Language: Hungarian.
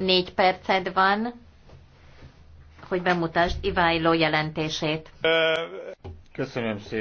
Négy perced van, hogy bemutasd Iványló jelentését. Köszönöm szépen.